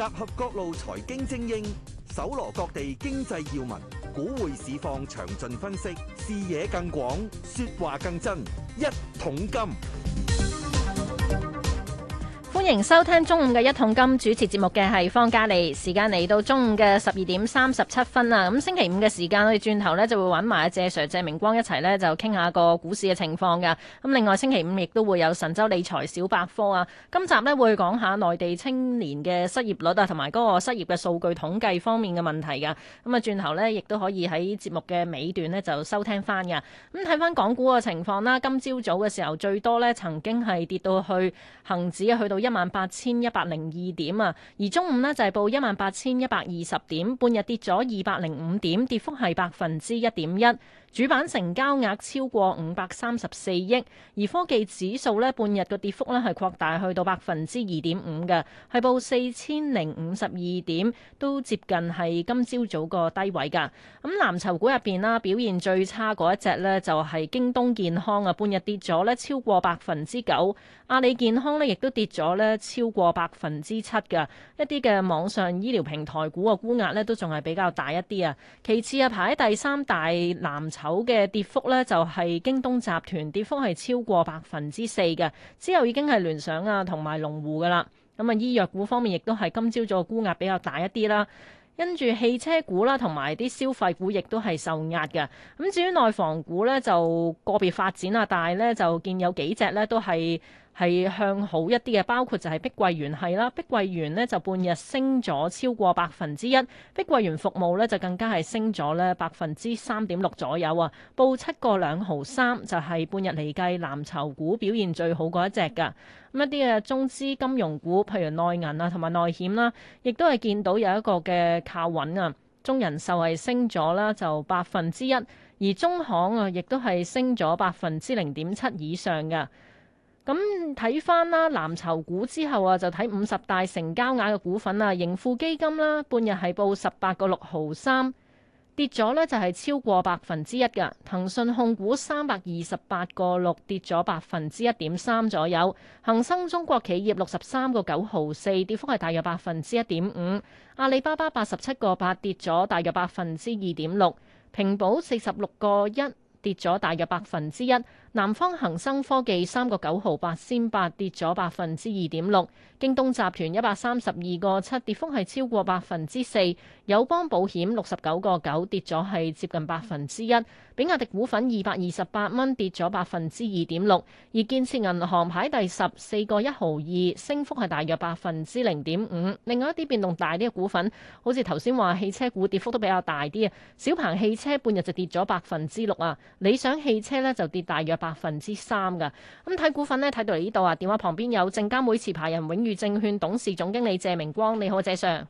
集合各路財經精英，搜羅各地經濟要聞，股匯市況詳盡分析，視野更廣，說話更真，一桶金。歡迎收聽中午嘅一桶金，主持節目嘅係方嘉莉，時間嚟到中午嘅十二點三十七分啦。咁星期五嘅時間我哋轉頭呢就會揾埋阿謝 Sir 謝明光一齊呢，就傾下個股市嘅情況㗎。咁另外星期五亦都會有神州理財小百科啊。今集呢會講下內地青年嘅失業率啊，同埋嗰個失業嘅數據統計方面嘅問題噶。咁啊轉頭呢亦都可以喺節目嘅尾段呢就收聽翻㗎。咁睇翻港股嘅情況啦，今朝早嘅時候最多呢曾經係跌到去恒指去到。一萬八千一百零二點啊，而中午呢，就係、是、報一萬八千一百二十點，半日跌咗二百零五點，跌幅係百分之一點一。主板成交額超過五百三十四億，而科技指數咧半日個跌幅咧係擴大去到百分之二點五嘅，係報四千零五十二點，都接近係今朝早個低位噶。咁藍籌股入邊啦，表現最差嗰一隻呢就係京東健康啊，半日跌咗呢超過百分之九，阿里健康呢亦都跌咗呢超過百分之七嘅，一啲嘅網上醫療平台股嘅估額呢都仲係比較大一啲啊。其次啊，排喺第三大藍。口嘅跌幅呢，就係京東集團跌幅係超過百分之四嘅，之後已經係聯想啊，同埋龍湖噶啦。咁啊，醫藥股方面亦都係今朝早嘅沽壓比較大一啲啦，跟住汽車股啦，同埋啲消費股亦都係受壓嘅。咁至於內房股呢，就個別發展啊，但係呢，就見有幾隻呢都係。係向好一啲嘅，包括就係碧桂園係啦，碧桂園呢就半日升咗超過百分之一，碧桂園服務呢就更加係升咗咧百分之三點六左右啊，報七個兩毫三就係、是、半日嚟計藍籌股表現最好嗰一隻噶。咁一啲嘅中資金融股，譬如內銀啊同埋內險啦，亦都係見到有一個嘅靠穩啊。中人壽係升咗啦，就百分之一，而中行啊亦都係升咗百分之零點七以上㗎。咁睇翻啦，藍籌、嗯、股之後啊，就睇五十大成交額嘅股份啦。盈富基金啦，半日係報十八個六毫三，跌咗咧就係超過百分之一㗎。騰訊控股三百二十八個六，跌咗百分之一點三左右。恒生中國企業六十三個九毫四，跌幅係大約百分之一點五。阿里巴巴八十七個八，跌咗大約百分之二點六。平保四十六個一，跌咗大約百分之一。南方恒生科技三個九毫八仙八跌咗百分之二點六，京東集團一百三十二個七跌幅係超過百分之四，友邦保險六十九個九跌咗係接近百分之一，比亞迪股份二百二十八蚊跌咗百分之二點六，而建設銀行排第十四個一毫二，升幅係大約百分之零點五。另外一啲變動大啲嘅股份，好似頭先話汽車股跌幅都比較大啲啊，小鵬汽車半日就跌咗百分之六啊，理想汽車呢就跌大約。百分之三㗎咁睇股份呢，睇到嚟呢度啊。電話旁邊有證監會持牌人永譽證券董事總經理謝明光，你好，謝 sir。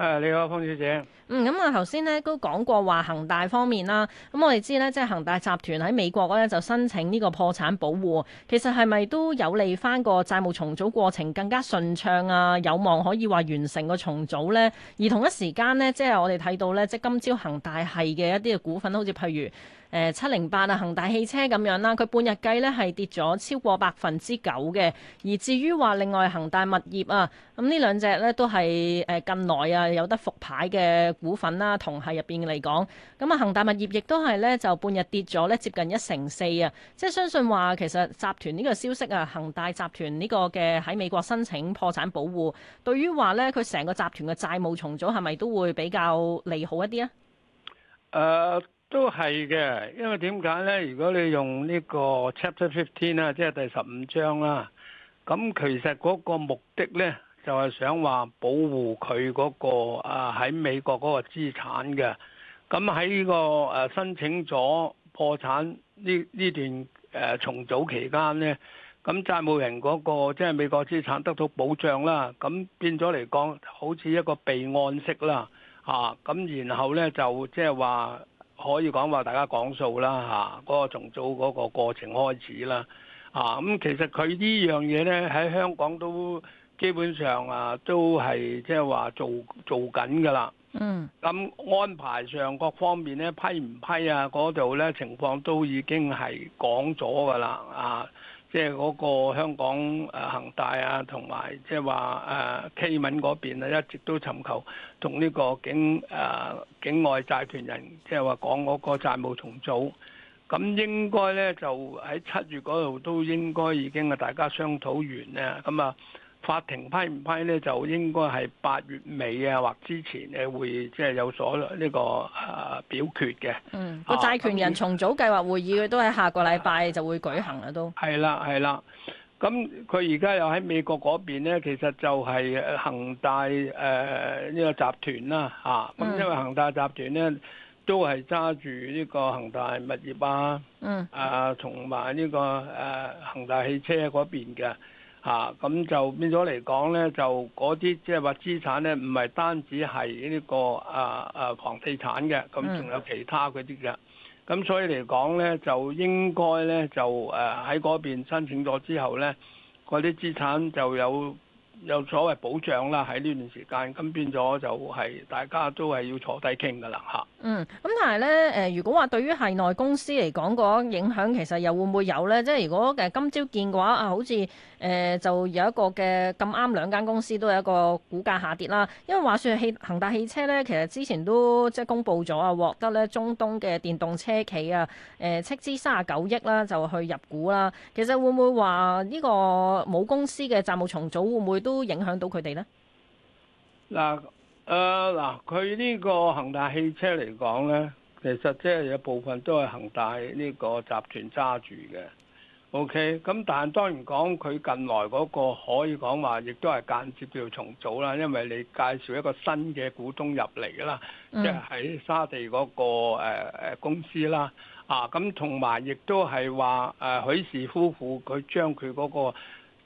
誒，你好，方小姐。嗯，咁、嗯、啊，頭先咧都講過話恒大方面啦，咁、嗯、我哋知呢，即係恒大集團喺美國咧就申請呢個破產保護，其實係咪都有利翻個債務重組過程更加順暢啊？有望可以話完成個重組呢。而同一時間呢，即係我哋睇到呢，即係今朝恒大系嘅一啲嘅股份，好似譬如誒七零八啊，恒大汽車咁樣啦，佢半日計呢係跌咗超過百分之九嘅，而至於話另外恒大物業啊。咁呢兩隻呢都係誒近來啊有得復牌嘅股份啦，同係入邊嚟講，咁啊恒大物業亦都係呢，就半日跌咗呢接近一成四啊！即係相信話其實集團呢個消息啊，恒大集團呢個嘅喺美國申請破產保護，對於話呢，佢成個集團嘅債務重組係咪都會比較利好一啲咧？誒、呃，都係嘅，因為點解呢？如果你用呢個 Chapter Fifteen 啊，即係第十五章啦，咁其實嗰個目的呢。就係想話保護佢嗰個啊喺美國嗰個資產嘅，咁喺呢個誒申請咗破產呢呢段誒重組期間呢，咁債務人嗰、嗰個即係、即係、美國資產得到保障啦，咁變咗嚟講好似一個備案式啦嚇，咁、啊、然後呢，就即係話可以講話大家講數啦嚇，嗰、啊嗰個重組嗰個過程開始啦啊，咁其實佢呢樣嘢呢，喺香港都。基本上啊，都係即係話做做緊噶啦。嗯。咁安排上各方面咧批唔批啊？嗰度咧情況都已經係講咗噶啦。啊，即係嗰個香港誒恒大啊，同埋即係話誒 TMT 嗰邊啊，一直都尋求同呢個境誒、啊、境外債權人即係話講嗰個債務重組，咁應該咧就喺七月嗰度都應該已經係大家商討完咧。咁啊。法庭批唔批咧，就應該係八月尾啊，或之前咧會即係有所呢個啊表決嘅。嗯，個債權人重組計劃會議嘅、啊、都係下個禮拜就會舉行啦，都。係啦，係啦。咁佢而家又喺美國嗰邊咧，其實就係恒大誒呢、呃呢個集團啦，嚇、啊。咁因為恒大集團咧，都係揸住呢個恒大物業吧、嗯、啊。嗯、呢個。啊、呃，同埋呢個誒恒大汽車嗰邊嘅。啊，咁就變咗嚟講咧，就嗰啲即係話資產咧，唔係單止係呢個啊啊房地產嘅，咁仲有其他嗰啲嘅。咁所以嚟講咧，就應該咧，就誒喺嗰邊申請咗之後咧，嗰啲資產就有有所謂保障啦，喺呢段時間，咁變咗就係大家都係要坐低傾噶啦，嚇、啊。嗯，咁但係咧，誒、呃，如果話對於系內公司嚟講，個影響其實又會唔會有咧？即係如果嘅今朝見嘅話啊，好似誒、呃，就有一個嘅咁啱兩間公司都有一個股價下跌啦。因為話說汽恒大汽車咧，其實之前都即係公布咗啊，獲得咧中東嘅電動車企啊，誒、呃、斥資三十九億啦，就去入股啦。其實會唔會話呢個母公司嘅債務重組會唔會都影響到佢哋咧？嗱。誒嗱，佢呢、uh, 個恒大汽車嚟講咧，其實即係有部分都係恒大呢個集團揸住嘅。OK，咁但係當然講佢近來嗰個可以講話，亦都係間接叫重組啦，因為你介紹一個新嘅股東入嚟啦，即係喺沙地嗰、個誒、呃、公司啦。啊，咁同埋亦都係話誒許氏夫婦佢將佢嗰個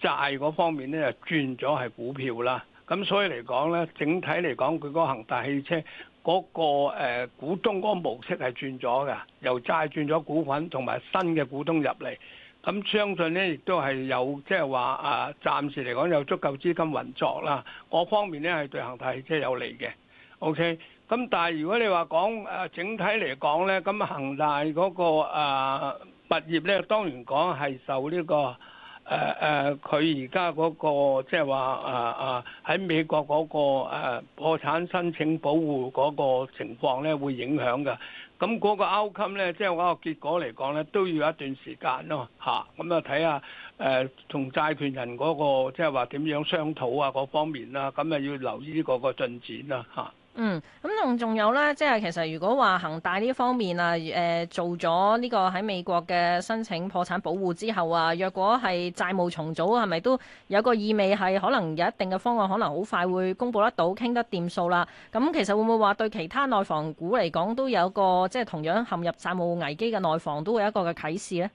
債嗰方面咧，又轉咗係股票啦。咁所以嚟講咧，整體嚟講，佢嗰個恒大汽車嗰個誒股東嗰個模式係轉咗嘅，由債轉咗股份，同埋新嘅股東入嚟。咁相信咧，亦都係有即係話啊，暫時嚟講有足夠資金運作啦。嗰方面咧係對恒大汽車有利嘅。OK。咁但係如果你話講誒整體嚟講咧，咁恒大嗰個誒物業咧，當然講係受呢個。誒誒，佢而家嗰個即係話啊啊，喺、即係 uh, uh, 美國嗰、嗰個、uh, 破產申請保護嗰個情況咧，會影響嘅。咁嗰個 outcome 咧，即係話個結果嚟講咧，都要有一段時間咯吓，咁啊睇下誒，同、uh, 債權人嗰、嗰個即係話點樣商討啊嗰方面啦、啊，咁啊要留意呢個進展啦、啊、嚇。啊嗯，咁仲有咧，即係其實如果話恒大呢方面啊，誒、呃、做咗呢個喺美國嘅申請破產保護之後啊，若果係債務重組，係咪都有個意味係可能有一定嘅方案，可能好快會公布得到，傾得掂數啦？咁其實會唔會話對其他內房股嚟講都有個即係同樣陷入債務危機嘅內房都會有一個嘅啟示呢？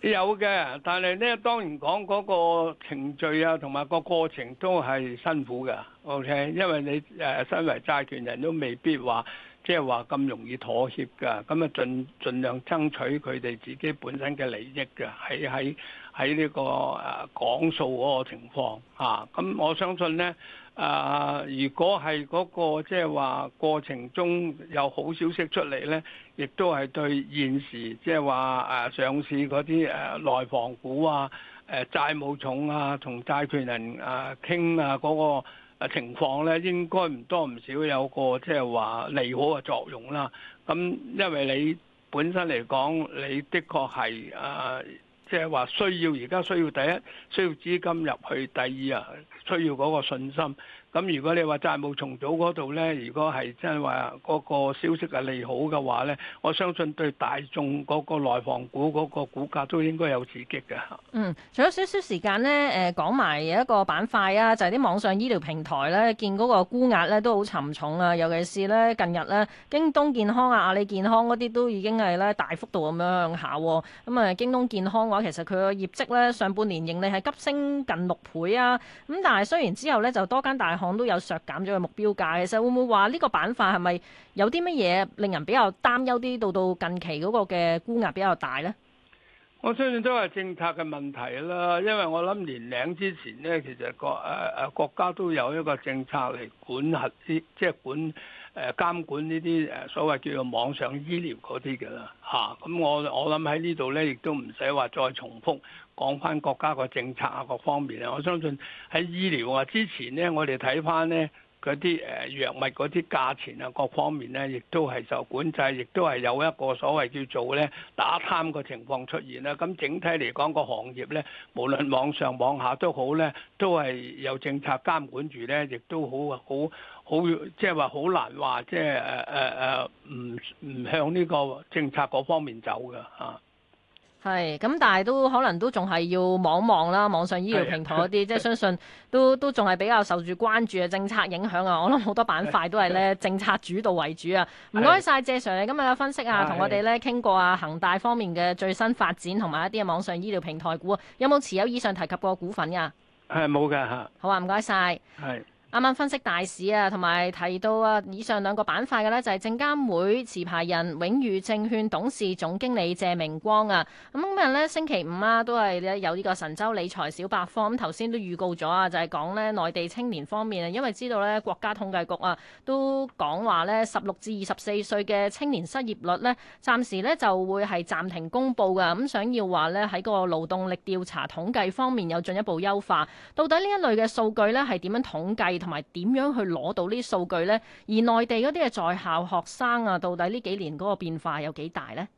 有嘅，但係咧，當然講嗰個程序啊，同埋個過程都係辛苦噶。OK，因為你誒身為債權人都未必話即係話咁容易妥協噶，咁啊盡盡量爭取佢哋自己本身嘅利益噶。喺喺喺呢個誒講數嗰個情況啊，咁我相信咧。啊、呃！如果係嗰、嗰個即係話過程中有好消息出嚟呢，亦都係對現時即係話啊上市嗰啲誒內房股啊、誒、呃、債務重啊、同債權人啊傾啊嗰、嗰個情況呢，應該唔多唔少有個即係話利好嘅作用啦。咁因為你本身嚟講，你的確係啊。呃即係話，需要，而家需要第一，需要資金入去，第二啊，需要嗰個信心。咁如果你話債務重組嗰度呢，如果係真係話嗰個消息係利好嘅話呢，我相信對大眾嗰個內房股嗰個股價都應該有刺激㗎。嗯，仲有少少時間呢，誒、呃、講埋一個板塊啊，就係、是、啲網上醫療平台呢，見嗰個沽壓呢都好沉重啊。尤其是呢近日呢，京東健康啊、阿里健康嗰啲都已經係呢大幅度咁樣下、啊。咁、嗯、啊，京東健康嘅話，其實佢嘅業績呢上半年盈利係急升近六倍啊。咁但係雖然之後呢就多間大行都有削減咗嘅目標價，其實會唔會話呢個板塊係咪有啲乜嘢令人比較擔憂啲，到到近期嗰個嘅沽壓比較大呢？我相信都係政策嘅問題啦，因為我諗年零之前呢，其實國誒誒、呃、國家都有一個政策嚟管核啲，即係管誒、呃、監管呢啲誒所謂叫做網上醫療嗰啲嘅啦嚇。咁、啊、我我諗喺呢度呢，亦都唔使話再重複。講翻國家個政策啊，各方面啊，我相信喺醫療啊之前咧，我哋睇翻咧嗰啲誒藥物嗰啲價錢啊，各方面咧，亦都係受管制，亦都係有一個所謂叫做咧打貪嘅情況出現啦。咁整體嚟講個行業咧，無論網上網下都好咧，都係有政策監管住咧，亦都好好好，即係話好難話即係誒誒誒唔唔向呢個政策嗰方面走嘅啊。係，咁但係都可能都仲係要望望啦，網上醫療平台嗰啲，的即係相信都都仲係比較受住關注嘅政策影響啊！我諗好多板塊都係咧政策主導為主啊！唔該晒，謝 Sir 你今日嘅分析啊，同我哋咧傾過啊，恒大方面嘅最新發展同埋一啲嘅網上醫療平台股啊，有冇持有以上提及過股份啊？係冇㗎吓。好啊，唔該晒。係。啱啱分析大市啊，同埋提到啊，以上兩個板塊嘅咧，就係、是、證監會持牌人永譽證券董事總經理謝明光啊。咁今日咧星期五啊，都係咧有呢個神州理財小百科，咁頭先都預告咗啊，就係講咧內地青年方面啊，因為知道咧國家統計局啊都講話咧十六至二十四歲嘅青年失業率咧，暫時咧就會係暫停公佈噶，咁想要話咧喺個勞動力調查統計方面有進一步優化，到底呢一類嘅數據咧係點樣統計？同埋點樣去攞到呢啲數據呢？而內地嗰啲嘅在校學生啊，到底呢幾年嗰個變化有幾大呢？